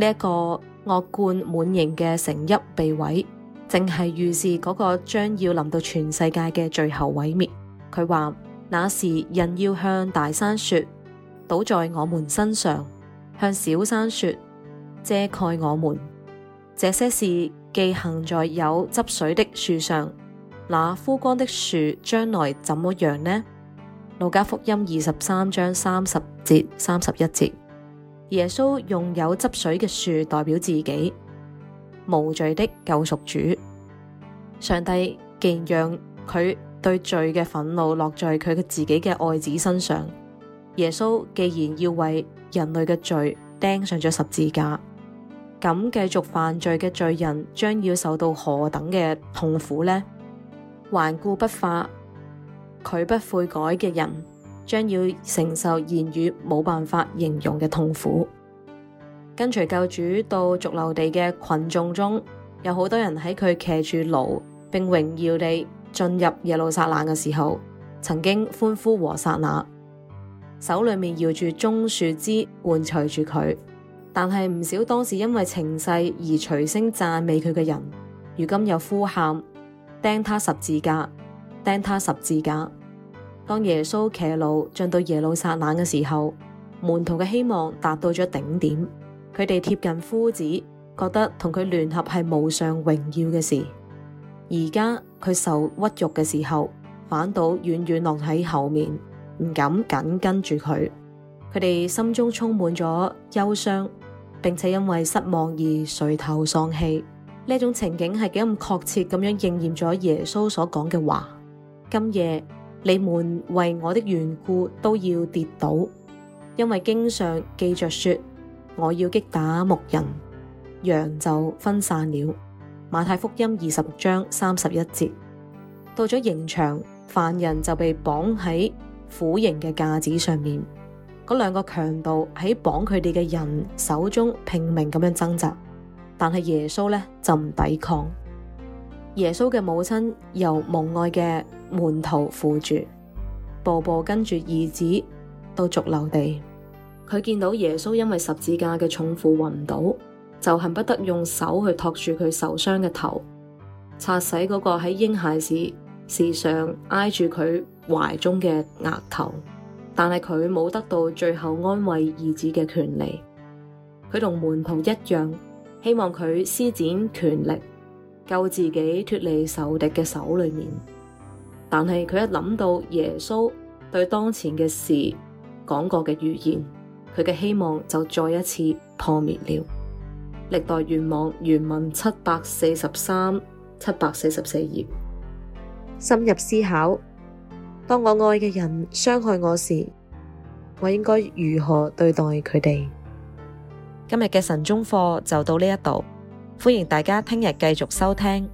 呢、這個、一個惡貫滿盈嘅成邑被毀，正係預示嗰個將要臨到全世界嘅最後毀滅。佢話：那時人要向大山說，倒在我們身上；向小山說，遮蓋我們。這些事既行在有汁水的樹上。那枯乾的樹將來怎麼樣呢？路加福音二十三章三十節三十一節。耶穌用有汁水嘅樹代表自己無罪的救贖主，上帝既然讓佢對罪嘅憤怒落在佢嘅自己嘅愛子身上，耶穌既然要為人類嘅罪釘上咗十字架，咁繼續犯罪嘅罪人將要受到何等嘅痛苦呢？頑固不化、拒不悔改嘅人。將要承受言語冇辦法形容嘅痛苦。跟隨救主到逐流地嘅群眾中有好多人喺佢騎住驢，並榮耀地進入耶路撒冷嘅時候，曾經歡呼和撒那，手裏面搖住棕樹枝伴隨住佢。但係唔少當時因為情勢而隨聲讚美佢嘅人，如今又呼喊：釘他十字架，釘他十字架。當耶穌騎路進到耶路撒冷嘅時候，門徒嘅希望達到咗頂點，佢哋貼近夫子，覺得同佢聯合係無上榮耀嘅事。而家佢受屈辱嘅時候，反倒遠遠落喺後面，唔敢緊跟住佢。佢哋心中充滿咗憂傷，並且因為失望而垂頭喪氣。呢一種情景係幾咁確切，咁樣應驗咗耶穌所講嘅話。今夜。你們為我的緣故都要跌倒，因為經常記着說，我要擊打牧人，羊就分散了。馬太福音二十六章三十一節。到咗刑場，犯人就被綁喺苦刑嘅架子上面，嗰兩個強盜喺綁佢哋嘅人手中拼命咁樣掙扎，但係耶穌呢就唔抵抗。耶穌嘅母親由蒙外嘅。門徒扶住，步步跟住兒子到髑髏地。佢見到耶穌因為十字架嘅重負暈倒，就恨不得用手去托住佢受傷嘅頭，擦洗嗰個喺嬰孩時時常挨住佢懷中嘅額頭。但係佢冇得到最後安慰兒子嘅權利。佢同門徒一樣，希望佢施展權力救自己脫離仇敵嘅手裏面。但係佢一諗到耶穌對當前嘅事講過嘅預言，佢嘅希望就再一次破滅了。歷代願望原文七百四十三、七百四十四頁。深入思考：當我愛嘅人傷害我時，我應該如何對待佢哋？今日嘅晨鐘課就到呢一度，歡迎大家聽日繼續收聽。